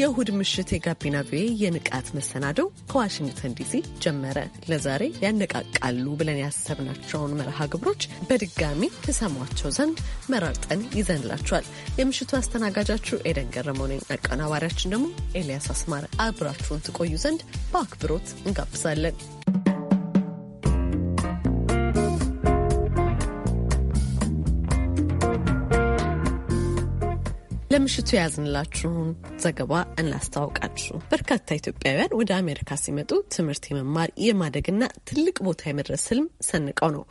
የእሁድ ምሽት የጋቢና ቪኦኤ የንቃት መሰናዶው ከዋሽንግተን ዲሲ ጀመረ። ለዛሬ ያነቃቃሉ ብለን ያሰብናቸውን መርሃ ግብሮች በድጋሚ ትሰሟቸው ዘንድ መራርጠን ይዘንላችኋል። የምሽቱ አስተናጋጃችሁ ኤደን ገረመው ነኝ። አቀናባሪያችን ደግሞ ኤልያስ አስማረ። አብራችሁን ትቆዩ ዘንድ በአክብሮት እንጋብዛለን። ለምሽቱ የያዝንላችሁን ዘገባ እናስተዋውቃችሁ በርካታ ኢትዮጵያውያን ወደ አሜሪካ ሲመጡ ትምህርት የመማር የማደግና ትልቅ ቦታ የመድረስ ህልም ሰንቀው ነው።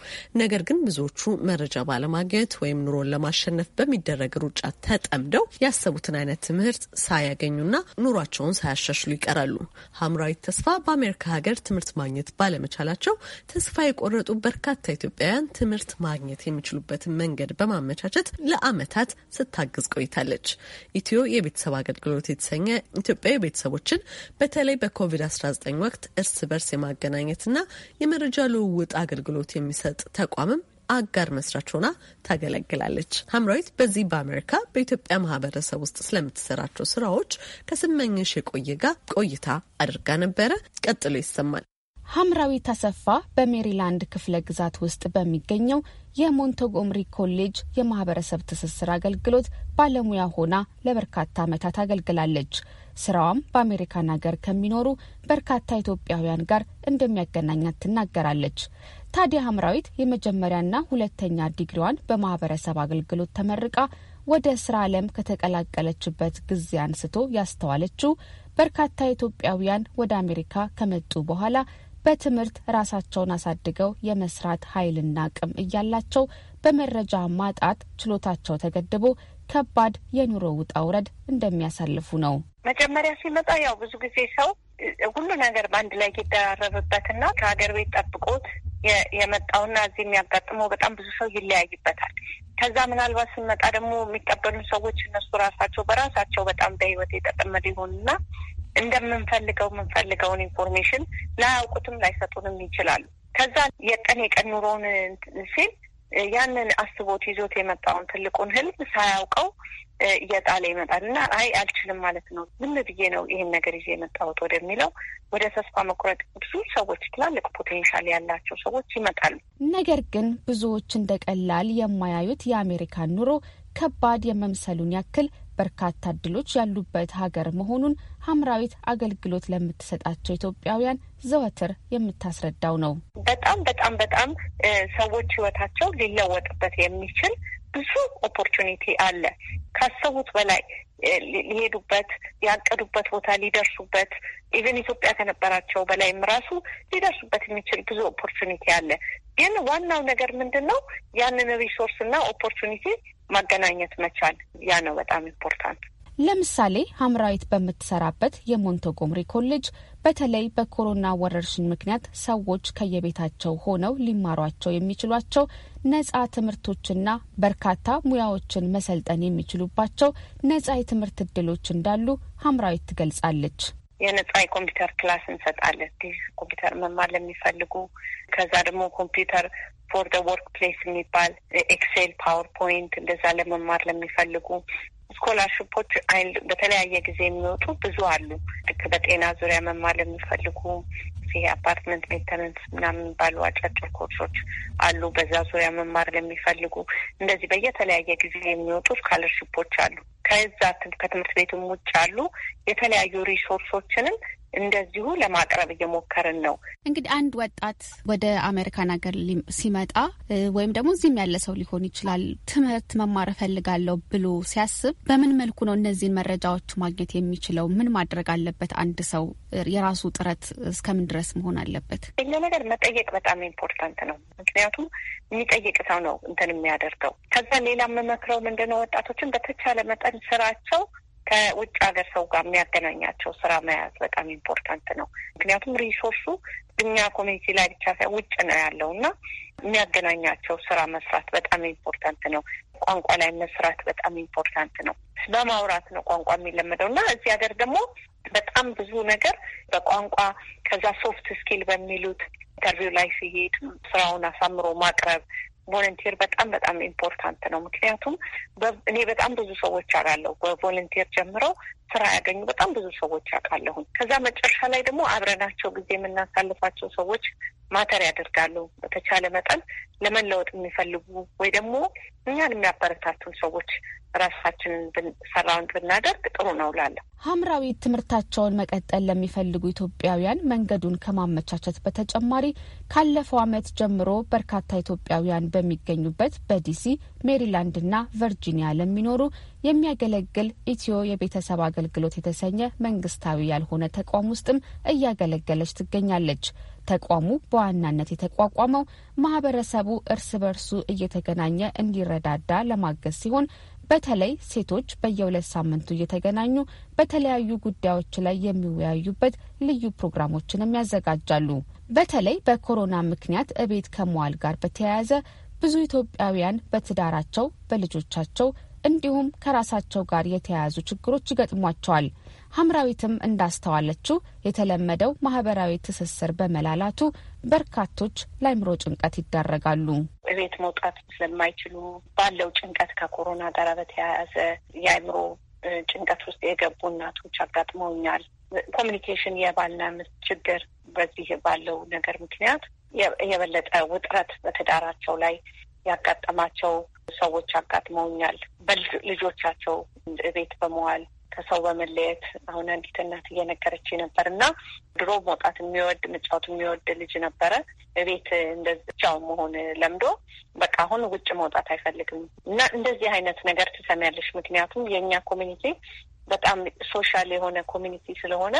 ነገር ግን ብዙዎቹ መረጃ ባለማግኘት ወይም ኑሮን ለማሸነፍ በሚደረግ ሩጫ ተጠምደው ያሰቡትን አይነት ትምህርት ሳያገኙና ኑሯቸውን ሳያሻሽሉ ይቀራሉ። ሀምራዊት ተስፋ በአሜሪካ ሀገር ትምህርት ማግኘት ባለመቻላቸው ተስፋ የቆረጡ በርካታ ኢትዮጵያውያን ትምህርት ማግኘት የሚችሉበትን መንገድ በማመቻቸት ለአመታት ስታግዝ ቆይታለች። ኢትዮ የቤተሰብ አገልግሎት የተሰኘ ኢትዮጵያዊ ቤተሰቦችን በተለይ በኮቪድ-19 ወቅት እርስ በርስ የማገናኘትና የመረጃ ልውውጥ አገልግሎት የሚሰጥ ተቋምም አጋር መስራች ሆና ታገለግላለች። ሀምራዊት በዚህ በአሜሪካ በኢትዮጵያ ማህበረሰብ ውስጥ ስለምትሰራቸው ስራዎች ከስመኝሽ የቆየ ጋር ቆይታ አድርጋ ነበረ። ቀጥሎ ይሰማል። ሀምራዊት አሰፋ በሜሪላንድ ክፍለ ግዛት ውስጥ በሚገኘው የሞንቶጎምሪ ኮሌጅ የማህበረሰብ ትስስር አገልግሎት ባለሙያ ሆና ለበርካታ ዓመታት አገልግላለች። ስራዋም በአሜሪካን ሀገር ከሚኖሩ በርካታ ኢትዮጵያውያን ጋር እንደሚያገናኛት ትናገራለች። ታዲያ ሀምራዊት የመጀመሪያና ሁለተኛ ዲግሪዋን በማህበረሰብ አገልግሎት ተመርቃ ወደ ስራ ዓለም ከተቀላቀለችበት ጊዜ አንስቶ ያስተዋለችው በርካታ ኢትዮጵያውያን ወደ አሜሪካ ከመጡ በኋላ በትምህርት ራሳቸውን አሳድገው የመስራት ኃይልና አቅም እያላቸው በመረጃ ማጣት ችሎታቸው ተገድቦ ከባድ የኑሮ ውጣ ውረድ እንደሚያሳልፉ ነው። መጀመሪያ ሲመጣ ያው ብዙ ጊዜ ሰው ሁሉ ነገር በአንድ ላይ ይደራረብበትና ከሀገር ቤት ጠብቆት የመጣውና እዚህ የሚያጋጥመው በጣም ብዙ ሰው ይለያይበታል። ከዛ ምናልባት ስንመጣ ደግሞ የሚቀበሉን ሰዎች እነሱ ራሳቸው በራሳቸው በጣም በህይወት የተጠመዱ ይሆኑና እንደምንፈልገው የምንፈልገውን ኢንፎርሜሽን ላያውቁትም ላይሰጡንም ይችላሉ። ከዛ የቀን የቀን ኑሮውን ሲል ያንን አስቦት ይዞት የመጣውን ትልቁን ህልም ሳያውቀው እየጣለ ይመጣል እና አይ አልችልም ማለት ነው፣ ዝም ብዬ ነው ይህን ነገር ይዤ የመጣሁት ወደሚለው ወደ ተስፋ መቁረጥ ብዙ ሰዎች፣ ትላልቅ ፖቴንሻል ያላቸው ሰዎች ይመጣሉ። ነገር ግን ብዙዎች እንደ ቀላል የማያዩት የአሜሪካን ኑሮ ከባድ የመምሰሉን ያክል በርካታ እድሎች ያሉበት ሀገር መሆኑን ሀምራዊት አገልግሎት ለምትሰጣቸው ኢትዮጵያውያን ዘወትር የምታስረዳው ነው። በጣም በጣም በጣም ሰዎች ህይወታቸው ሊለወጥበት የሚችል ብዙ ኦፖርቹኒቲ አለ። ካሰቡት በላይ ሊሄዱበት ያቀዱበት ቦታ ሊደርሱበት ኢቨን ኢትዮጵያ ከነበራቸው በላይም ራሱ ሊደርሱበት የሚችል ብዙ ኦፖርቹኒቲ አለ። ግን ዋናው ነገር ምንድን ነው? ያንን ሪሶርስ እና ኦፖርቹኒቲ ማገናኘት መቻል ያ ነው በጣም ኢምፖርታንት። ለምሳሌ ሀምራዊት በምትሰራበት የሞንቶጎምሪ ኮሌጅ በተለይ በኮሮና ወረርሽኝ ምክንያት ሰዎች ከየቤታቸው ሆነው ሊማሯቸው የሚችሏቸው ነጻ ትምህርቶችና በርካታ ሙያዎችን መሰልጠን የሚችሉባቸው ነጻ የትምህርት እድሎች እንዳሉ ሀምራዊት ትገልጻለች። የነጻ የኮምፒውተር ክላስ እንሰጣለን። ኮምፒውተር መማር ለሚፈልጉ ከዛ ደግሞ ኮምፒውተር ፎር ደ ወርክ ፕሌስ የሚባል ኤክሴል፣ ፓወርፖይንት እንደዛ ለመማር ለሚፈልጉ ስኮላርሽፖች በተለያየ ጊዜ የሚወጡ ብዙ አሉ። ልክ በጤና ዙሪያ መማር ለሚፈልጉ ይሄ አፓርትመንት ሜንተነንስ ምናምን የሚባሉ አጫጭር ኮርሶች አሉ። በዛ ዙሪያ መማር ለሚፈልጉ እንደዚህ በየተለያየ ጊዜ የሚወጡ ስኮላርሽፖች አሉ። ከዛ ከትምህርት ቤትም ውጭ አሉ የተለያዩ ሪሶርሶችንም እንደዚሁ ለማቅረብ እየሞከርን ነው። እንግዲህ አንድ ወጣት ወደ አሜሪካን ሀገር ሲመጣ ወይም ደግሞ እዚህም ያለ ሰው ሊሆን ይችላል ትምህርት መማር እፈልጋለሁ ብሎ ሲያስብ በምን መልኩ ነው እነዚህን መረጃዎች ማግኘት የሚችለው? ምን ማድረግ አለበት? አንድ ሰው የራሱ ጥረት እስከምን ድረስ መሆን አለበት? ይህ ነገር መጠየቅ በጣም ኢምፖርታንት ነው። ምክንያቱም የሚጠይቅ ሰው ነው እንትን የሚያደርገው። ከዛ ሌላ የምመክረው ምንድነው ወጣቶችን በተቻለ መጠን ስራቸው ከውጭ ሀገር ሰው ጋር የሚያገናኛቸው ስራ መያዝ በጣም ኢምፖርታንት ነው። ምክንያቱም ሪሶርሱ እኛ ኮሚኒቲ ላይ ብቻ ሳይሆን ውጭ ነው ያለው እና የሚያገናኛቸው ስራ መስራት በጣም ኢምፖርታንት ነው። ቋንቋ ላይ መስራት በጣም ኢምፖርታንት ነው። በማውራት ነው ቋንቋ የሚለመደው እና እዚህ ሀገር ደግሞ በጣም ብዙ ነገር በቋንቋ ከዛ ሶፍት ስኪል በሚሉት ኢንተርቪው ላይ ሲሄድ ስራውን አሳምሮ ማቅረብ ቮለንቲር በጣም በጣም ኢምፖርታንት ነው። ምክንያቱም እኔ በጣም ብዙ ሰዎች አውቃለሁ በቮለንቲር ጀምረው ስራ ያገኙ በጣም ብዙ ሰዎች አውቃለሁኝ። ከዛ መጨረሻ ላይ ደግሞ አብረናቸው ጊዜ የምናሳልፋቸው ሰዎች ማተር ያደርጋሉ። በተቻለ መጠን ለመለወጥ የሚፈልጉ ወይ ደግሞ እኛን የሚያበረታቱን ሰዎች ራሳችንን ሰራውን ብናደርግ ጥሩ ነው ላለ ሀምራዊ ትምህርታቸውን መቀጠል ለሚፈልጉ ኢትዮጵያውያን መንገዱን ከማመቻቸት በተጨማሪ ካለፈው ዓመት ጀምሮ በርካታ ኢትዮጵያውያን በሚገኙበት በዲሲ ሜሪላንድና ቨርጂኒያ ለሚኖሩ የሚያገለግል ኢትዮ የቤተሰብ አገልግሎት የተሰኘ መንግስታዊ ያልሆነ ተቋም ውስጥም እያገለገለች ትገኛለች። ተቋሙ በዋናነት የተቋቋመው ማህበረሰቡ እርስ በርሱ እየተገናኘ እንዲረዳዳ ለማገዝ ሲሆን በተለይ ሴቶች በየሁለት ሳምንቱ እየተገናኙ በተለያዩ ጉዳዮች ላይ የሚወያዩበት ልዩ ፕሮግራሞችንም ያዘጋጃሉ። በተለይ በኮሮና ምክንያት እቤት ከመዋል ጋር በተያያዘ ብዙ ኢትዮጵያውያን በትዳራቸው፣ በልጆቻቸው እንዲሁም ከራሳቸው ጋር የተያያዙ ችግሮች ይገጥሟቸዋል። ሀምራዊትም እንዳስተዋለችው የተለመደው ማህበራዊ ትስስር በመላላቱ በርካቶች ለአይምሮ ጭንቀት ይዳረጋሉ። እቤት መውጣት ስለማይችሉ ባለው ጭንቀት ከኮሮና ጋር በተያያዘ የአይምሮ ጭንቀት ውስጥ የገቡ እናቶች አጋጥመውኛል። ኮሚኒኬሽን የባልና ሚስት ችግር በዚህ ባለው ነገር ምክንያት የበለጠ ውጥረት በትዳራቸው ላይ ያጋጠማቸው ሰዎች አጋጥመውኛል። በልጆቻቸው ቤት በመዋል ከሰው በመለየት አሁን አንዲት እናት እየነገረች ነበር እና ድሮ መውጣት የሚወድ መጫወት የሚወድ ልጅ ነበረ። ቤት እንደዚያው መሆን ለምዶ በቃ አሁን ውጭ መውጣት አይፈልግም እና እንደዚህ አይነት ነገር ትሰሚያለሽ። ምክንያቱም የእኛ ኮሚኒቲ በጣም ሶሻል የሆነ ኮሚኒቲ ስለሆነ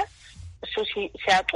እሱ ሲያጡ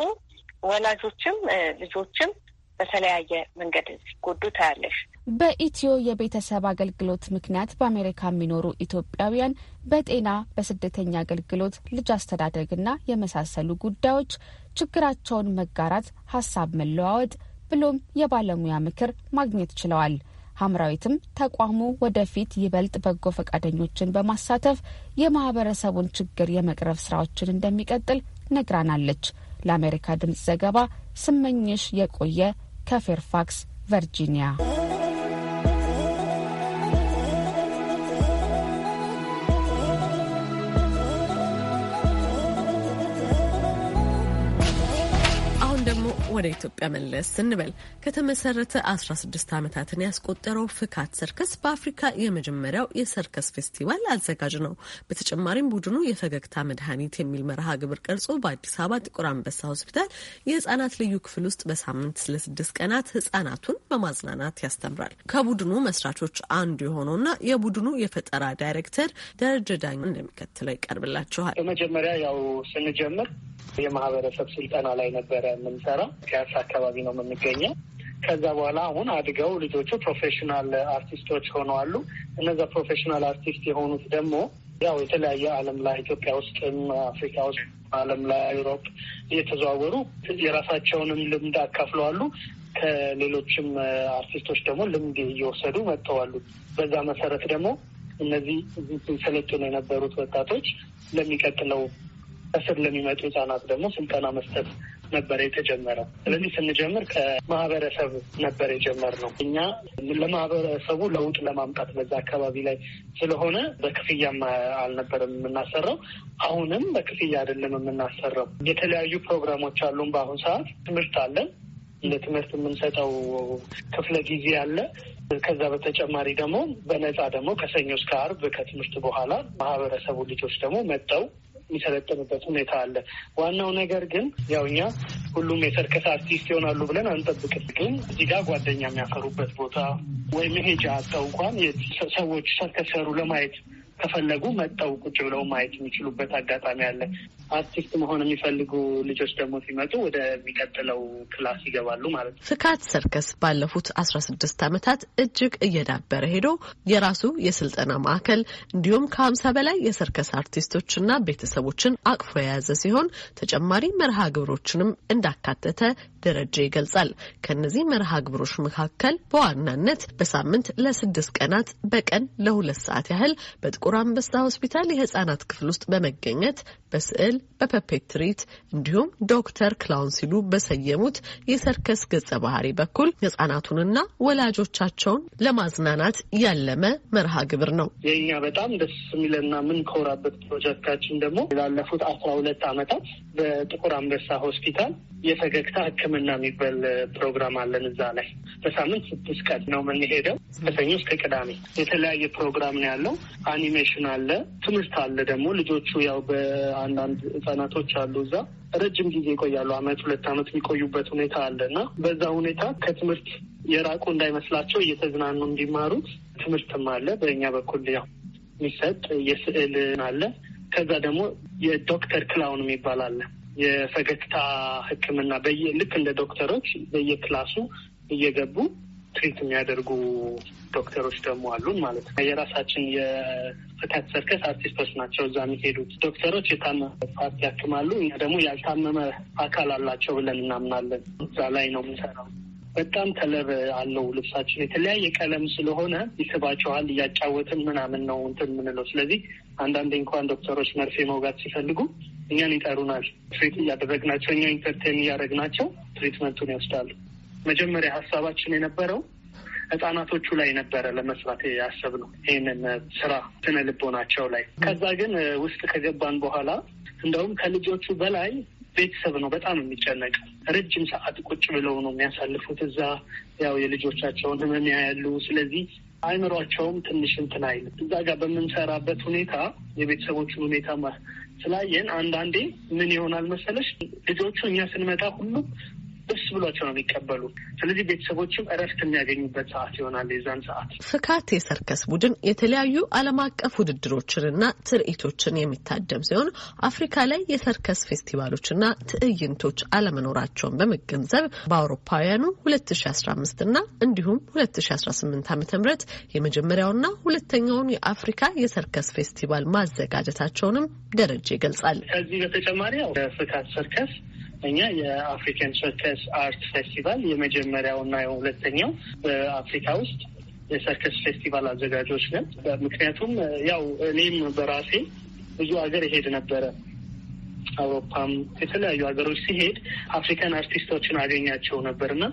ወላጆችም ልጆችም በተለያየ መንገድ ሲጎዱ ታያለሽ። በኢትዮ የቤተሰብ አገልግሎት ምክንያት በአሜሪካ የሚኖሩ ኢትዮጵያውያን በጤና በስደተኛ አገልግሎት ልጅ አስተዳደግና የመሳሰሉ ጉዳዮች ችግራቸውን መጋራት፣ ሀሳብ መለዋወጥ ብሎም የባለሙያ ምክር ማግኘት ችለዋል። ሀምራዊትም ተቋሙ ወደፊት ይበልጥ በጎ ፈቃደኞችን በማሳተፍ የማህበረሰቡን ችግር የመቅረፍ ስራዎችን እንደሚቀጥል ነግራናለች። ለአሜሪካ ድምጽ ዘገባ ስመኝሽ የቆየ ከፌርፋክስ ቨርጂኒያ ወደ ኢትዮጵያ መለስ ስንበል ከተመሰረተ 16 ዓመታትን ያስቆጠረው ፍካት ሰርከስ በአፍሪካ የመጀመሪያው የሰርከስ ፌስቲቫል አዘጋጅ ነው። በተጨማሪም ቡድኑ የፈገግታ መድኃኒት የሚል መርሃ ግብር ቀርጾ በአዲስ አበባ ጥቁር አንበሳ ሆስፒታል የህጻናት ልዩ ክፍል ውስጥ በሳምንት ለስድስት ቀናት ህጻናቱን በማዝናናት ያስተምራል። ከቡድኑ መስራቾች አንዱ የሆነውና የቡድኑ የፈጠራ ዳይሬክተር ደረጀ ዳኝ እንደሚከትለው ይቀርብላችኋል። በመጀመሪያ ያው ስንጀምር የማህበረሰብ ስልጠና ላይ ነበረ የምንሰራው። ፒያሳ አካባቢ ነው የምንገኘው። ከዛ በኋላ አሁን አድገው ልጆቹ ፕሮፌሽናል አርቲስቶች ሆነዋሉ። እነዛ ፕሮፌሽናል አርቲስት የሆኑት ደግሞ ያው የተለያየ ዓለም ላይ ኢትዮጵያ ውስጥም አፍሪካ ውስጥ ዓለም ላይ አውሮፕ እየተዘዋወሩ የራሳቸውንም ልምድ አካፍለዋሉ። ከሌሎችም አርቲስቶች ደግሞ ልምድ እየወሰዱ መጥተዋሉ። በዛ መሰረት ደግሞ እነዚህ ሰለጥነው የነበሩት ወጣቶች ለሚቀጥለው ከስር ለሚመጡ ህጻናት ደግሞ ስልጠና መስጠት ነበር የተጀመረው። ስለዚህ ስንጀምር ከማህበረሰብ ነበር የጀመርነው። እኛ ለማህበረሰቡ ለውጥ ለማምጣት በዛ አካባቢ ላይ ስለሆነ በክፍያም አልነበረም የምናሰራው። አሁንም በክፍያ አይደለም የምናሰራው። የተለያዩ ፕሮግራሞች አሉን። በአሁን ሰዓት ትምህርት አለን። ትምህርት የምንሰጠው ክፍለ ጊዜ አለ። ከዛ በተጨማሪ ደግሞ በነፃ ደግሞ ከሰኞ እስከ አርብ ከትምህርት በኋላ ማህበረሰቡ ልጆች ደግሞ መጠው የሚሰለጥንበት ሁኔታ አለ። ዋናው ነገር ግን ያው እኛ ሁሉም የሰርከስ አርቲስት ይሆናሉ ብለን አንጠብቅም። ግን እዚህ ጋር ጓደኛ የሚያፈሩበት ቦታ ወይም መሄጃ አጣው እንኳን ሰዎች ሰርከስ ሰሩ ለማየት ከፈለጉ መጠው ቁጭ ብለው ማየት የሚችሉበት አጋጣሚ አለ። አርቲስት መሆን የሚፈልጉ ልጆች ደግሞ ሲመጡ ወደሚቀጥለው ክላስ ይገባሉ ማለት ነው። ፍካት ሰርከስ ባለፉት አስራ ስድስት ዓመታት እጅግ እየዳበረ ሄዶ የራሱ የስልጠና ማዕከል እንዲሁም ከሀምሳ በላይ የሰርከስ አርቲስቶችና ቤተሰቦችን አቅፎ የያዘ ሲሆን ተጨማሪ መርሃ ግብሮችንም እንዳካተተ ደረጀ ይገልጻል። ከነዚህ መርሃ ግብሮች መካከል በዋናነት በሳምንት ለስድስት ቀናት በቀን ለሁለት ሰዓት ያህል በጥቁር አንበሳ ሆስፒታል የህጻናት ክፍል ውስጥ በመገኘት በስዕል በፐፔትሪት እንዲሁም ዶክተር ክላውን ሲሉ በሰየሙት የሰርከስ ገጸ ባህሪ በኩል ህጻናቱንና ወላጆቻቸውን ለማዝናናት ያለመ መርሃ ግብር ነው። የእኛ በጣም ደስ የሚለና ምን ከወራበት ፕሮጀክታችን ደግሞ ላለፉት አስራ ሁለት አመታት በጥቁር አንበሳ ሆስፒታል የፈገግታ ሕክምና የሚባል ፕሮግራም አለን። እዛ ላይ በሳምንት ስድስት ቀን ነው የምንሄደው ከሰኞ እስከ ቅዳሜ። የተለያየ ፕሮግራም ነው ያለው። አኒሜሽን አለ፣ ትምህርት አለ። ደግሞ ልጆቹ ያው በአንዳንድ ህጻናቶች አሉ እዛ ረጅም ጊዜ ይቆያሉ። አመት ሁለት አመት የሚቆዩበት ሁኔታ አለ እና በዛ ሁኔታ ከትምህርት የራቁ እንዳይመስላቸው እየተዝናኑ እንዲማሩት ትምህርትም አለ። በእኛ በኩል ያው የሚሰጥ የስዕል አለ ከዛ ደግሞ የዶክተር ክላውን የሚባል አለ። የፈገግታ ህክምና በየ ልክ እንደ ዶክተሮች በየክላሱ እየገቡ ትሪት የሚያደርጉ ዶክተሮች ደግሞ አሉን ማለት ነው። የራሳችን የፍካት ሰርከስ አርቲስቶች ናቸው እዛ የሚሄዱት ዶክተሮች የታመመ ፓርቲ ያክማሉ። እኛ ደግሞ ያልታመመ አካል አላቸው ብለን እናምናለን። እዛ ላይ ነው የምንሰራው። በጣም ከለር አለው ልብሳችን የተለያየ ቀለም ስለሆነ ይስባቸዋል። እያጫወትን ምናምን ነው እንትን የምንለው። ስለዚህ አንዳንዴ እንኳን ዶክተሮች መርፌ መውጋት ሲፈልጉ እኛን ይጠሩናል። ትሪት እያደረግናቸው እኛ ኢንተርቴን እያደረግናቸው ትሪትመንቱን ይወስዳሉ። መጀመሪያ ሀሳባችን የነበረው ህጻናቶቹ ላይ ነበረ ለመስራት ያሰብነው ይህንን ስራ ስነ ልቦናቸው ላይ። ከዛ ግን ውስጥ ከገባን በኋላ እንደውም ከልጆቹ በላይ ቤተሰብ ነው በጣም የሚጨነቅ። ረጅም ሰዓት ቁጭ ብለው ነው የሚያሳልፉት እዛ ያው የልጆቻቸውን ህመም ያያሉ። ስለዚህ አይምሯቸውም ትንሽ እንትን አይል። እዛ ጋር በምንሰራበት ሁኔታ የቤተሰቦቹን ሁኔታ ስላየን አንዳንዴ ምን ይሆናል መሰለሽ ልጆቹ እኛ ስንመጣ ሁሉም ደስ ብሏቸው ነው የሚቀበሉ። ስለዚህ ቤተሰቦችም እረፍት የሚያገኙበት ሰዓት ይሆናል የዛን ሰዓት። ፍካት የሰርከስ ቡድን የተለያዩ ዓለም አቀፍ ውድድሮችንና ትርኢቶችን የሚታደም ሲሆን አፍሪካ ላይ የሰርከስ ፌስቲቫሎችና ትዕይንቶች አለመኖራቸውን በመገንዘብ በአውሮፓውያኑ ሁለት ሺ አስራ አምስት እንዲሁም ሁለት ሺ አስራ ስምንት ዓመተ ምህረት የመጀመሪያውና ሁለተኛውን የአፍሪካ የሰርከስ ፌስቲቫል ማዘጋጀታቸውንም ደረጀ ይገልጻል። ከዚህ በተጨማሪ ፍካት ሰርከስ ሁለተኛ የአፍሪካን ሰርከስ አርት ፌስቲቫል የመጀመሪያው እና የሁለተኛው በአፍሪካ ውስጥ የሰርከስ ፌስቲቫል አዘጋጆች ነን። ምክንያቱም ያው እኔም በራሴ ብዙ ሀገር ይሄድ ነበረ አውሮፓም የተለያዩ ሀገሮች ሲሄድ አፍሪካን አርቲስቶችን አገኛቸው ነበር እና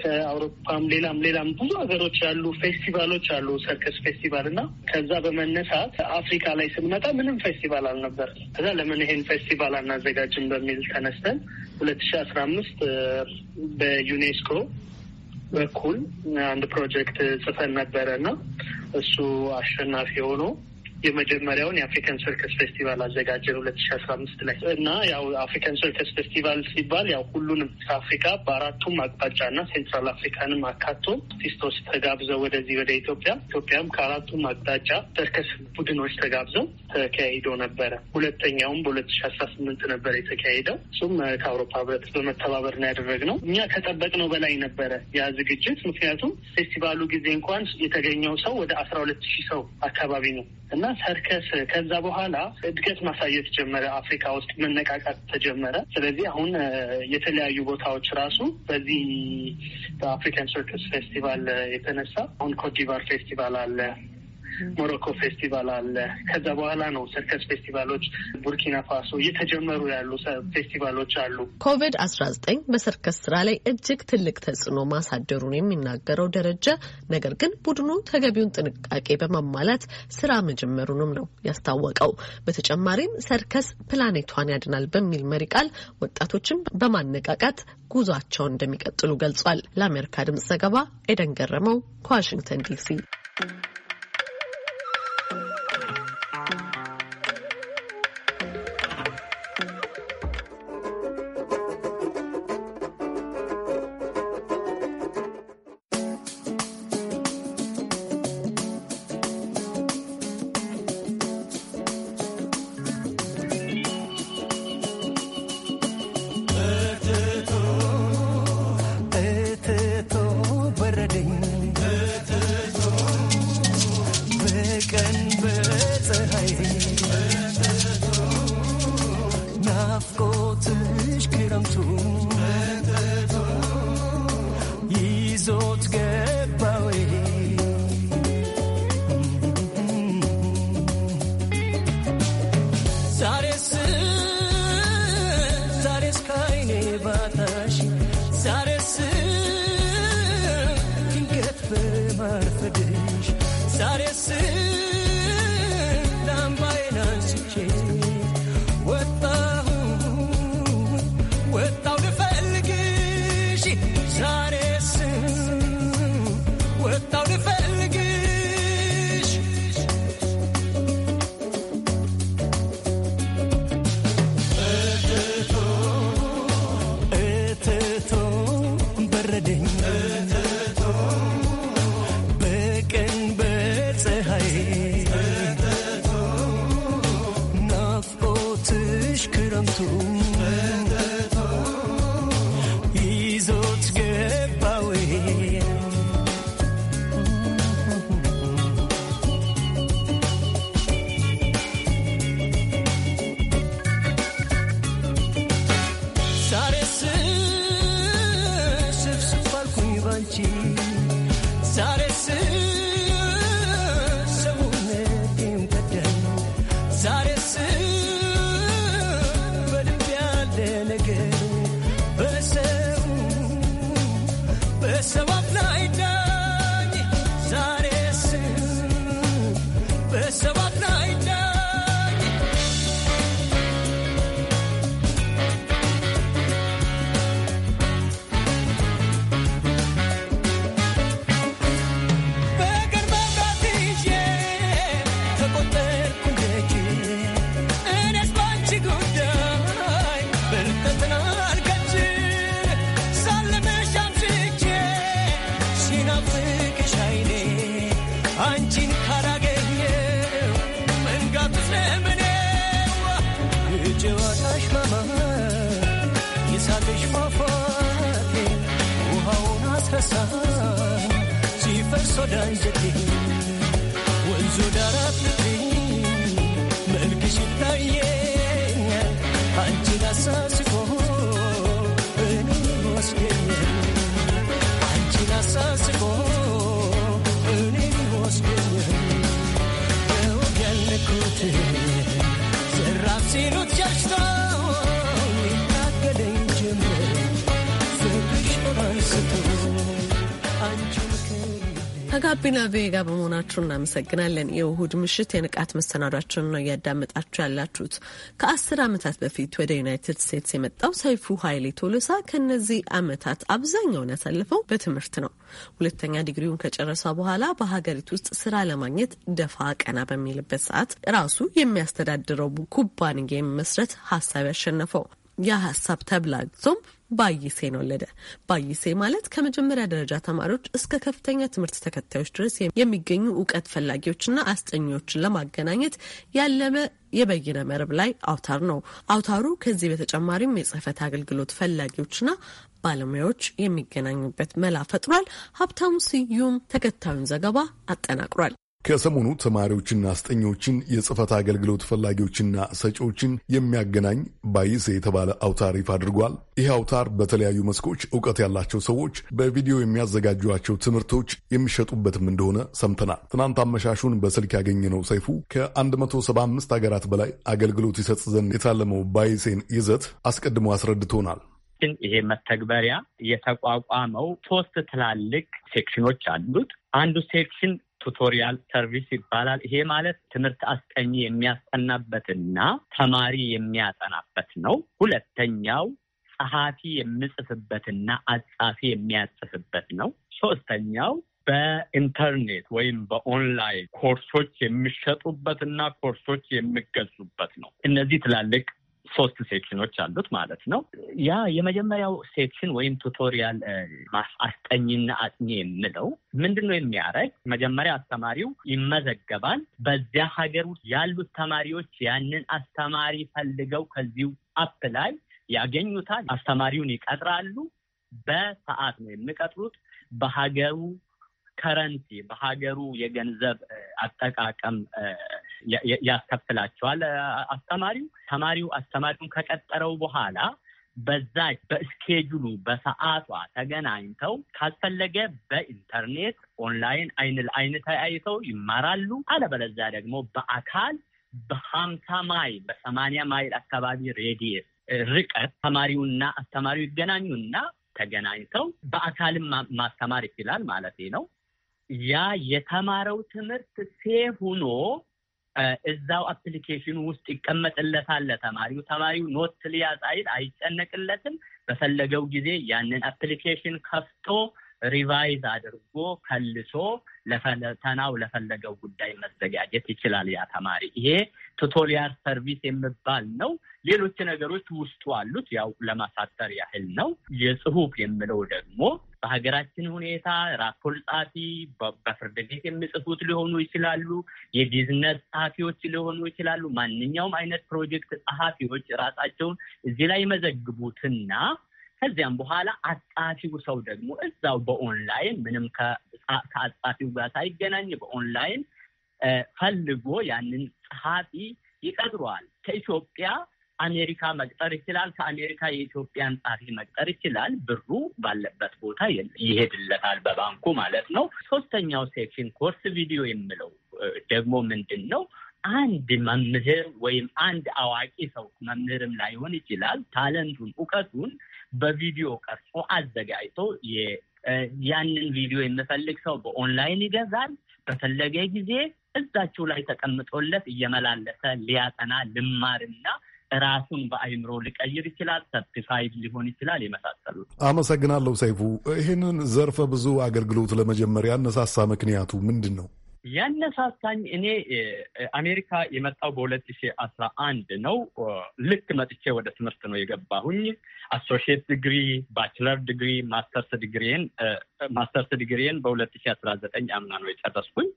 ከአውሮፓም ሌላም ሌላም ብዙ ሀገሮች ያሉ ፌስቲቫሎች አሉ፣ ሰርከስ ፌስቲቫል እና ከዛ በመነሳት አፍሪካ ላይ ስንመጣ ምንም ፌስቲቫል አልነበር። ከዛ ለምን ይሄን ፌስቲቫል አናዘጋጅም በሚል ተነስተን ሁለት ሺ አስራ አምስት በዩኔስኮ በኩል አንድ ፕሮጀክት ጽፈን ነበረ እና እሱ አሸናፊ ሆኖ የመጀመሪያውን የአፍሪካን ሰርከስ ፌስቲቫል አዘጋጀ ሁለት ሺ አስራ አምስት ላይ እና ያው አፍሪካን ሰርከስ ፌስቲቫል ሲባል ያው ሁሉንም ከአፍሪካ በአራቱም አቅጣጫ እና ሴንትራል አፍሪካንም አካቶ አርቲስቶች ተጋብዘው ወደዚህ ወደ ኢትዮጵያ ኢትዮጵያም ከአራቱም አቅጣጫ ሰርከስ ቡድኖች ተጋብዘው ተካሂዶ ነበረ። ሁለተኛውም በሁለት ሺ አስራ ስምንት ነበረ የተካሄደው። እሱም ከአውሮፓ ህብረት በመተባበር ነው ያደረግነው። እኛ ከጠበቅነው በላይ ነበረ ያ ዝግጅት። ምክንያቱም ፌስቲቫሉ ጊዜ እንኳን የተገኘው ሰው ወደ አስራ ሁለት ሺህ ሰው አካባቢ ነው እና ሰርከስ ከዛ በኋላ እድገት ማሳየት ጀመረ። አፍሪካ ውስጥ መነቃቃት ተጀመረ። ስለዚህ አሁን የተለያዩ ቦታዎች ራሱ በዚህ በአፍሪካን ሰርከስ ፌስቲቫል የተነሳ አሁን ኮትዲቫር ፌስቲቫል አለ ሞሮኮ ፌስቲቫል አለ። ከዛ በኋላ ነው ሰርከስ ፌስቲቫሎች ቡርኪና ፋሶ እየተጀመሩ ያሉ ፌስቲቫሎች አሉ። ኮቪድ አስራ ዘጠኝ በሰርከስ ስራ ላይ እጅግ ትልቅ ተጽዕኖ ማሳደሩን የሚናገረው ደረጀ፣ ነገር ግን ቡድኑ ተገቢውን ጥንቃቄ በማሟላት ስራ መጀመሩንም ነው ያስታወቀው። በተጨማሪም ሰርከስ ፕላኔቷን ያድናል በሚል መሪ ቃል ወጣቶችን በማነቃቃት ጉዟቸውን እንደሚቀጥሉ ገልጿል። ለአሜሪካ ድምጽ ዘገባ ኤደን ገረመው ከዋሽንግተን ዲሲ azul. Ci verso ከጋቢና ቪኦኤ ጋር በመሆናችሁ እናመሰግናለን። የእሁድ ምሽት የንቃት መሰናዷችን ነው እያዳመጣችሁ ያላችሁት። ከአስር ዓመታት በፊት ወደ ዩናይትድ ስቴትስ የመጣው ሰይፉ ኃይሌ ቶሎሳ ከእነዚህ ዓመታት አብዛኛውን ያሳለፈው በትምህርት ነው። ሁለተኛ ዲግሪውን ከጨረሰ በኋላ በሀገሪቱ ውስጥ ስራ ለማግኘት ደፋ ቀና በሚልበት ሰዓት ራሱ የሚያስተዳድረው ኩባንያ መስረት ሀሳብ ያሸነፈው ያ ሀሳብ ተብላግቶም ባይሴን ወለደ። ባይሴ ማለት ከመጀመሪያ ደረጃ ተማሪዎች እስከ ከፍተኛ ትምህርት ተከታዮች ድረስ የሚገኙ እውቀት ፈላጊዎችና አስጠኚዎችን ለማገናኘት ያለመ የበይነ መረብ ላይ አውታር ነው። አውታሩ ከዚህ በተጨማሪም የጽህፈት አገልግሎት ፈላጊዎችና ባለሙያዎች የሚገናኙበት መላ ፈጥሯል። ሀብታሙ ስዩም ተከታዩን ዘገባ አጠናቅሯል። ከሰሞኑ ተማሪዎችና አስጠኞችን የጽህፈት አገልግሎት ፈላጊዎችና ሰጪዎችን የሚያገናኝ ባይሴ የተባለ አውታር ይፋ አድርጓል። ይህ አውታር በተለያዩ መስኮች እውቀት ያላቸው ሰዎች በቪዲዮ የሚያዘጋጇቸው ትምህርቶች የሚሸጡበትም እንደሆነ ሰምተናል። ትናንት አመሻሹን በስልክ ያገኘነው ሰይፉ ከ175 ሀገራት በላይ አገልግሎት ይሰጥ ዘንድ የታለመው ባይሴን ይዘት አስቀድሞ አስረድቶናል። ይሄ መተግበሪያ የተቋቋመው ሶስት ትላልቅ ሴክሽኖች አሉት። አንዱ ሴክሽን ቱቶሪያል ሰርቪስ ይባላል። ይሄ ማለት ትምህርት አስጠኚ የሚያስጠናበትና ተማሪ የሚያጠናበት ነው። ሁለተኛው ጸሐፊ የምጽፍበትና አጻፊ የሚያጽፍበት ነው። ሶስተኛው በኢንተርኔት ወይም በኦንላይን ኮርሶች የሚሸጡበትና ኮርሶች የሚገዙበት ነው። እነዚህ ትላልቅ ሶስት ሴክሽኖች አሉት ማለት ነው። ያ የመጀመሪያው ሴክሽን ወይም ቱቶሪያል አስጠኝና አጥኚ የምለው ምንድን ነው የሚያደርግ? መጀመሪያ አስተማሪው ይመዘገባል። በዚያ ሀገር ውስጥ ያሉት ተማሪዎች ያንን አስተማሪ ፈልገው ከዚሁ አፕ ላይ ያገኙታል። አስተማሪውን ይቀጥራሉ። በሰዓት ነው የሚቀጥሩት። በሀገሩ ከረንሲ በሀገሩ የገንዘብ አጠቃቀም ያስከፍላቸዋል አስተማሪው። ተማሪው አስተማሪውን ከቀጠረው በኋላ በዛ በእስኬጁሉ በሰዓቷ ተገናኝተው ካስፈለገ በኢንተርኔት ኦንላይን አይን ለአይን ተያይተው ይማራሉ። አለበለዚያ ደግሞ በአካል በሀምሳ ማይል በሰማንያ ማይል አካባቢ ሬዲየስ ርቀት ተማሪውና አስተማሪው ይገናኙና ተገናኝተው በአካልም ማስተማር ይችላል ማለት ነው። ያ የተማረው ትምህርት ሴ ሁኖ እዛው አፕሊኬሽኑ ውስጥ ይቀመጥለታል ተማሪው ተማሪው ኖት ሊያዝ አይጨነቅለትም። በፈለገው ጊዜ ያንን አፕሊኬሽን ከፍቶ ሪቫይዝ አድርጎ ከልሶ ለፈተናው ለፈለገው ጉዳይ መዘጋጀት ይችላል ያ ተማሪ። ይሄ ቱቶሪያል ሰርቪስ የሚባል ነው። ሌሎች ነገሮች ውስጡ አሉት፣ ያው ለማሳጠር ያህል ነው። የጽሁፍ የምለው ደግሞ በሀገራችን ሁኔታ ራፖል ጸሐፊ በፍርድ ቤት የሚጽፉት ሊሆኑ ይችላሉ። የቢዝነስ ጸሐፊዎች ሊሆኑ ይችላሉ። ማንኛውም አይነት ፕሮጀክት ጸሐፊዎች ራሳቸውን እዚህ ላይ የመዘግቡትና ከዚያም በኋላ አጣፊው ሰው ደግሞ እዛው በኦንላይን ምንም ከአጣፊው ጋር ሳይገናኝ በኦንላይን ፈልጎ ያንን ጸሐፊ ይቀጥረዋል። ከኢትዮጵያ አሜሪካ መቅጠር ይችላል። ከአሜሪካ የኢትዮጵያን ጸሐፊ መቅጠር ይችላል። ብሩ ባለበት ቦታ ይሄድለታል፣ በባንኩ ማለት ነው። ሶስተኛው ሴክሽን ኮርስ ቪዲዮ የምለው ደግሞ ምንድን ነው? አንድ መምህር ወይም አንድ አዋቂ ሰው መምህርም ላይሆን ይችላል። ታለንቱን እውቀቱን በቪዲዮ ቀርጾ አዘጋጅቶ ያንን ቪዲዮ የሚፈልግ ሰው በኦንላይን ይገዛል። በፈለገ ጊዜ እዛችው ላይ ተቀምጦለት እየመላለሰ ሊያጠና ልማርና ራሱን በአይምሮ ሊቀይር ይችላል። ሰርቲፋይድ ሊሆን ይችላል። የመሳሰሉ አመሰግናለሁ ሰይፉ። ይህንን ዘርፈ ብዙ አገልግሎት ለመጀመር ያነሳሳ ምክንያቱ ምንድን ነው? ያነሳሳኝ እኔ አሜሪካ የመጣው በሁለት ሺህ አስራ አንድ ነው። ልክ መጥቼ ወደ ትምህርት ነው የገባሁኝ። አሶሺየት ዲግሪ፣ ባችለር ዲግሪ፣ ማስተርስ ዲግሪን ማስተርስ ዲግሪን በሁለት ሺህ አስራ ዘጠኝ አምና ነው የጨረስኩኝ።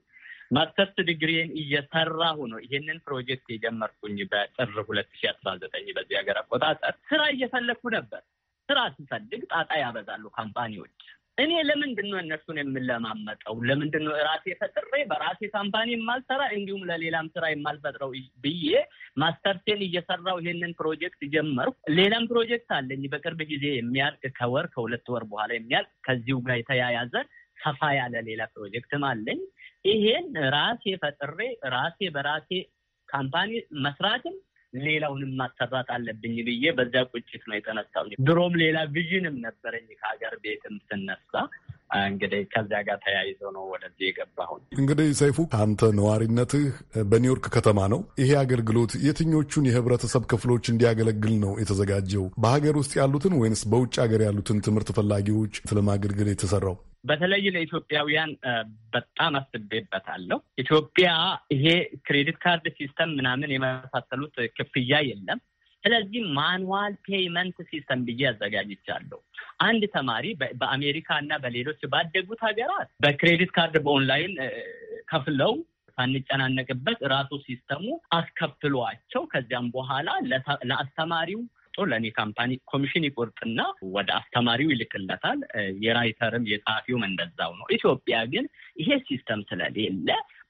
ማስተርስ ዲግሪን እየሰራሁ ነው። ይሄንን ፕሮጀክት የጀመርኩኝ በጥር ሁለት ሺ አስራ ዘጠኝ በዚህ ሀገር አቆጣጠር ስራ እየፈለግኩ ነበር። ስራ ሲፈልግ ጣጣ ያበዛሉ ካምፓኒዎች። እኔ ለምንድን ነው እነሱን የምለማመጠው? ለምንድን ነው ራሴ ፈጥሬ በራሴ ካምፓኒ የማልሰራ እንዲሁም ለሌላም ስራ የማልፈጥረው ብዬ ማስተርሴን እየሰራው ይሄንን ፕሮጀክት ጀመርኩ። ሌላም ፕሮጀክት አለኝ በቅርብ ጊዜ የሚያልቅ ከወር ከሁለት ወር በኋላ የሚያልቅ ከዚሁ ጋር የተያያዘ ሰፋ ያለ ሌላ ፕሮጀክትም አለኝ። ይሄን ራሴ ፈጥሬ ራሴ በራሴ ካምፓኒ መስራትም ሌላውንም ማሰራት አለብኝ ብዬ በዛ ቁጭት ነው የተነሳው። ድሮም ሌላ ቪዥንም ነበረኝ ከሀገር ቤትም ስነሳ እንግዲህ ከዚያ ጋር ተያይዞ ነው ወደዚህ የገባሁን። እንግዲህ ሰይፉ፣ አንተ ነዋሪነትህ በኒውዮርክ ከተማ ነው። ይሄ አገልግሎት የትኞቹን የህብረተሰብ ክፍሎች እንዲያገለግል ነው የተዘጋጀው? በሀገር ውስጥ ያሉትን ወይንስ በውጭ ሀገር ያሉትን ትምህርት ፈላጊዎች ስለማገልገል የተሰራው? በተለይ ለኢትዮጵያውያን በጣም አስቤበታለሁ። ኢትዮጵያ ይሄ ክሬዲት ካርድ ሲስተም ምናምን የመሳሰሉት ክፍያ የለም። ስለዚህ ማንዋል ፔይመንት ሲስተም ብዬ አዘጋጅቻለሁ። አንድ ተማሪ በአሜሪካ እና በሌሎች ባደጉት ሀገራት በክሬዲት ካርድ በኦንላይን ከፍለው ሳንጨናነቅበት ራሱ ሲስተሙ አስከፍሏቸው ከዚያም በኋላ ለአስተማሪው አውጥቶ ለእኔ ካምፓኒ ኮሚሽን ይቆርጥና ወደ አስተማሪው ይልክለታል። የራይተርም የጸሐፊውም እንደዛው ነው። ኢትዮጵያ ግን ይሄ ሲስተም ስለሌለ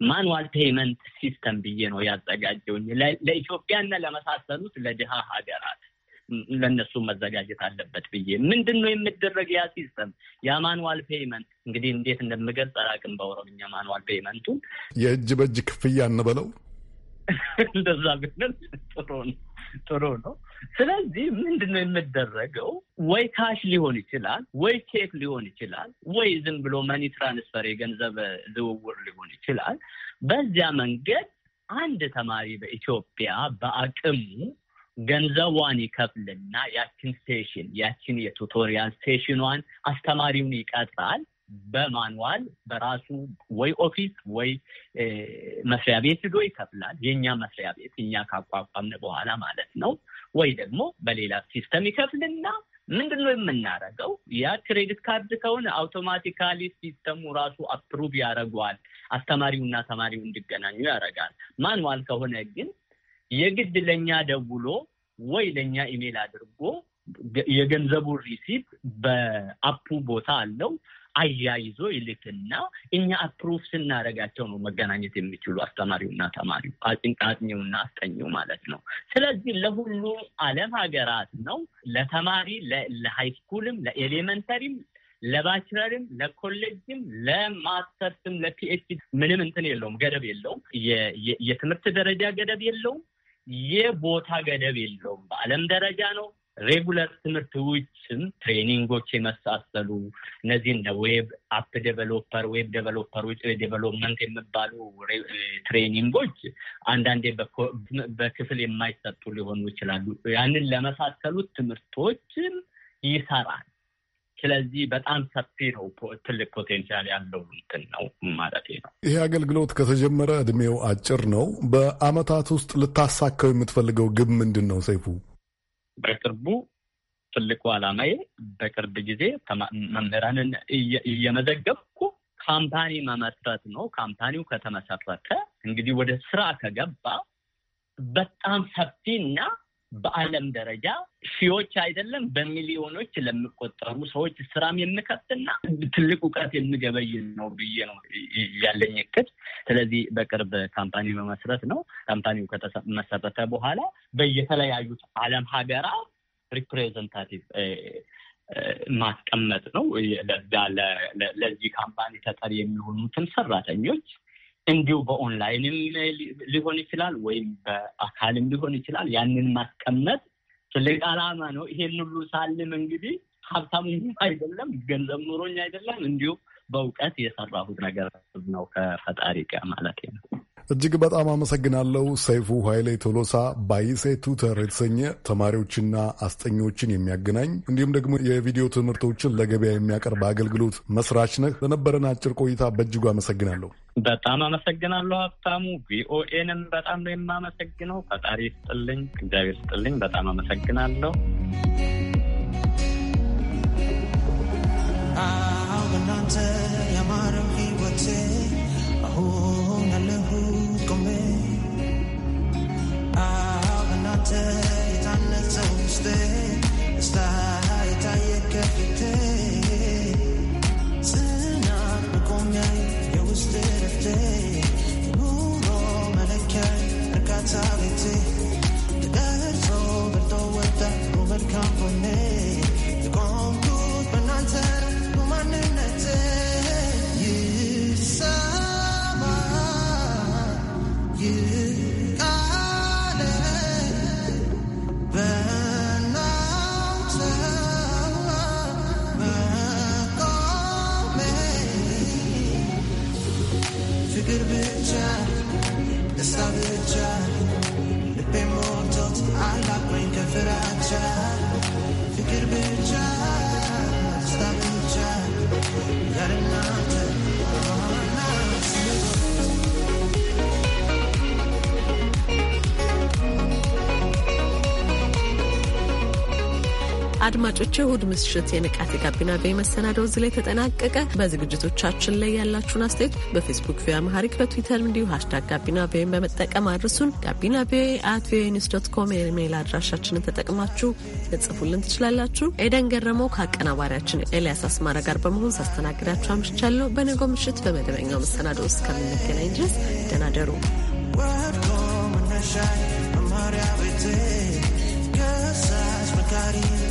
ማኑዋል ፔይመንት ሲስተም ብዬ ነው ያዘጋጀውኝ። ለኢትዮጵያና ለመሳሰሉት ለድሃ ሀገራት ለእነሱ መዘጋጀት አለበት ብዬ ምንድን ነው የምደረግ ያ ሲስተም ያ ማኑዋል ፔይመንት እንግዲህ እንዴት እንደምገልጽ አላውቅም። በኦሮምኛ ማኑዋል ፔይመንቱን የእጅ በእጅ ክፍያ እንበለው እንደዛ ብንል ጥሩ ነው ጥሩ ነው። ስለዚህ ምንድን ነው የምደረገው? ወይ ካሽ ሊሆን ይችላል፣ ወይ ቼክ ሊሆን ይችላል፣ ወይ ዝም ብሎ መኒ ትራንስፈር የገንዘብ ዝውውር ሊሆን ይችላል። በዚያ መንገድ አንድ ተማሪ በኢትዮጵያ በአቅሙ ገንዘቧን ይከፍልና ያችን ሴሽን ያችን የቱቶሪያል ሴሽኗን አስተማሪውን ይቀጥራል። በማንዋል በራሱ ወይ ኦፊስ ወይ መስሪያ ቤት ሂዶ ይከፍላል። የእኛ መስሪያ ቤት እኛ ካቋቋምን በኋላ ማለት ነው። ወይ ደግሞ በሌላ ሲስተም ይከፍልና ምንድን ነው የምናደርገው? ያ ክሬዲት ካርድ ከሆነ አውቶማቲካሊ ሲስተሙ ራሱ አፕሩቭ ያደርገዋል። አስተማሪውና ተማሪው እንዲገናኙ ያደርጋል። ማንዋል ከሆነ ግን የግድ ለእኛ ደውሎ ወይ ለእኛ ኢሜል አድርጎ የገንዘቡ ሪሲፕ በአፑ ቦታ አለው አያይዞ ይልክና እኛ አፕሩቭ ስናደርጋቸው ነው መገናኘት የሚችሉ አስተማሪውና ተማሪው አጥኚውና አስጠኚው ማለት ነው። ስለዚህ ለሁሉም ዓለም ሀገራት ነው ለተማሪ ለሃይስኩልም፣ ለኤሌመንተሪም፣ ለባችለርም፣ ለኮሌጅም፣ ለማስተርስም፣ ለፒኤችዲ ምንም እንትን የለውም፣ ገደብ የለውም። የትምህርት ደረጃ ገደብ የለውም። የቦታ ገደብ የለውም። በዓለም ደረጃ ነው ሬጉለር ትምህርት ውጭም ትሬኒንጎች የመሳሰሉ እነዚህ እንደ ዌብ አፕ ዴቨሎፐር፣ ዌብ ውጭ ዴቨሎፕመንት የሚባሉ ትሬኒንጎች አንዳንዴ በክፍል የማይሰጡ ሊሆኑ ይችላሉ። ያንን ለመሳሰሉት ትምህርቶችም ይሰራል። ስለዚህ በጣም ሰፊ ነው። ትልቅ ፖቴንሻል ያለው እንትን ነው ማለት ነው። ይህ አገልግሎት ከተጀመረ እድሜው አጭር ነው። በአመታት ውስጥ ልታሳካው የምትፈልገው ግብ ምንድን ነው ሰይፉ? በቅርቡ ትልቁ ዓላማዬ በቅርብ ጊዜ መምህራንን እየመዘገብኩ ካምፓኒ መመስረት ነው። ካምፓኒው ከተመሰረተ እንግዲህ ወደ ስራ ከገባ በጣም ሰፊ እና በዓለም ደረጃ ሺዎች አይደለም በሚሊዮኖች ለሚቆጠሩ ሰዎች ስራም የምከፍትና ትልቅ እውቀት የምገበይ ነው ብዬ ነው ያለኝ እቅድ። ስለዚህ በቅርብ ካምፓኒ በመስረት ነው። ካምፓኒው ከተመሰረተ በኋላ በየተለያዩት ዓለም ሀገራ ሪፕሬዘንታቲቭ ማስቀመጥ ነው። ለዚህ ካምፓኒ ተጠሪ የሚሆኑትን ሰራተኞች እንዲሁ በኦንላይንም ሊሆን ይችላል ወይም በአካልም ሊሆን ይችላል። ያንን ማስቀመጥ ትልቅ ዓላማ ነው። ይሄን ሁሉ ሳልም እንግዲህ ሀብታም አይደለም፣ ገንዘብ ኑሮኝ አይደለም፣ እንዲሁ በእውቀት የሰራሁት ነገር ነው ከፈጣሪ ጋር ማለት ነው። እጅግ በጣም አመሰግናለሁ። ሰይፉ ኃይሌ ቶሎሳ ባይሴ ቱተር የተሰኘ ተማሪዎችና አስጠኞችን የሚያገናኝ እንዲሁም ደግሞ የቪዲዮ ትምህርቶችን ለገበያ የሚያቀርብ አገልግሎት መስራች ነህ። ለነበረን አጭር ቆይታ በእጅጉ አመሰግናለሁ። በጣም አመሰግናለሁ ሀብታሙ። ቪኦኤንም በጣም ነው የማመሰግነው። ፈጣሪ ስጥልኝ፣ እግዚአብሔር ስጥልኝ። በጣም አመሰግናለሁ። ህይወቴ አድማጮች፣ የሁድ ምሽት የንቃት የጋቢና ቤ መሰናደው እዚህ ላይ ተጠናቀቀ። በዝግጅቶቻችን ላይ ያላችሁን አስተያየት በፌስቡክ ቪ አማሃሪክ በትዊተር እንዲሁ ሀሽታግ ጋቢና ቤን በመጠቀም አድርሱን። ጋቢና ቤ አት ቪኦኤ ኒውስ ዶት ኮም የኢሜይል አድራሻችንን ተጠቅማችሁ ልጽፉልን ትችላላችሁ። ኤደን ገረመው ከአቀናባሪያችን ኤልያስ አስማረ ጋር በመሆን ሳስተናግዳችሁ አምሽቻለሁ። በነገው ምሽት በመደበኛው መሰናደው እስከምንገናኝ ድረስ ደናደሩ I'm